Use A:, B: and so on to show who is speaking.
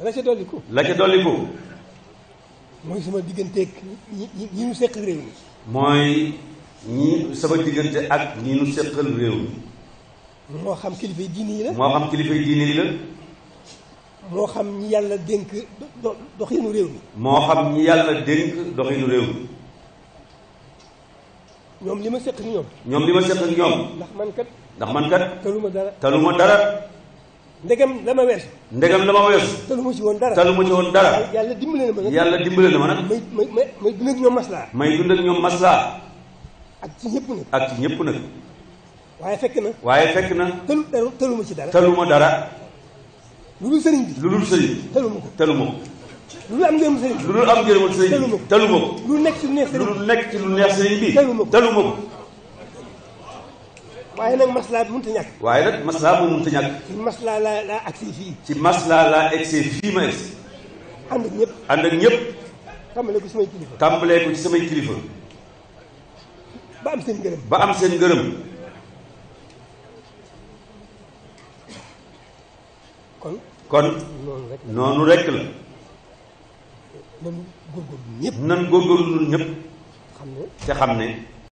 A: la ca dolliku. la ca dolliku. mooy sama digganteeg ñi ñi ñi ñu seqal réew mi.
B: mooy ñi sama diggante ak ñi ñu seqal réew mi.
A: moo xam kilifa yi diini yi la. moo xam
B: kilifa yi diini yi la.
A: moo xam ñi yàlla dénk doxinu réew mi.
B: moo xam ñi yàlla dénk doxinu réew mi.
A: ñoom li ma seq ak ñoom. ñoom li ma seq ak ñoom. ndax man kat. ndax man kat. taluma dara taluma dara. ndegam la ma weesu. ndegam la ma te lu ci woon dara te lu ma ci woon dara. yàlla dimbale na ma nag yàlla dimbale na ma nag. may may may ñoom maslaa.
B: may dund ñoom maslaa. ak ci ñëpp nag. waaye fekk na. waaye fekk na.
A: tëlu dara tëlu ma ci dara.
B: dara. lu dul sëriñ bi. lu dul sëriñ bi. ko tëlu ko.
A: lu dul am njëriñu sëriñ bi. lu dul
B: am njëriñu sëriñ bi. tëlu
A: nekk lu neex sëriñ
B: bi. lu nekk ma ko.
A: waaye nag maslaa mënut a ñàkk. waaye nag maslaa moom mënut ñàkk. ci maslaa laa laa egsi fii.
B: ci maslaa laa egsi fii ma egsi.
A: ànd ak ñëpp ànd ak ñëpp. tàmbalee ko ci samay kilifa. tàmbalee ba am seen gërëm.
B: ba am seen gërëm. kon. kon noonu rek la.
A: nan góorgóorlu ñëpp. nan
B: góorgóorlu ñëpp. te xam ne.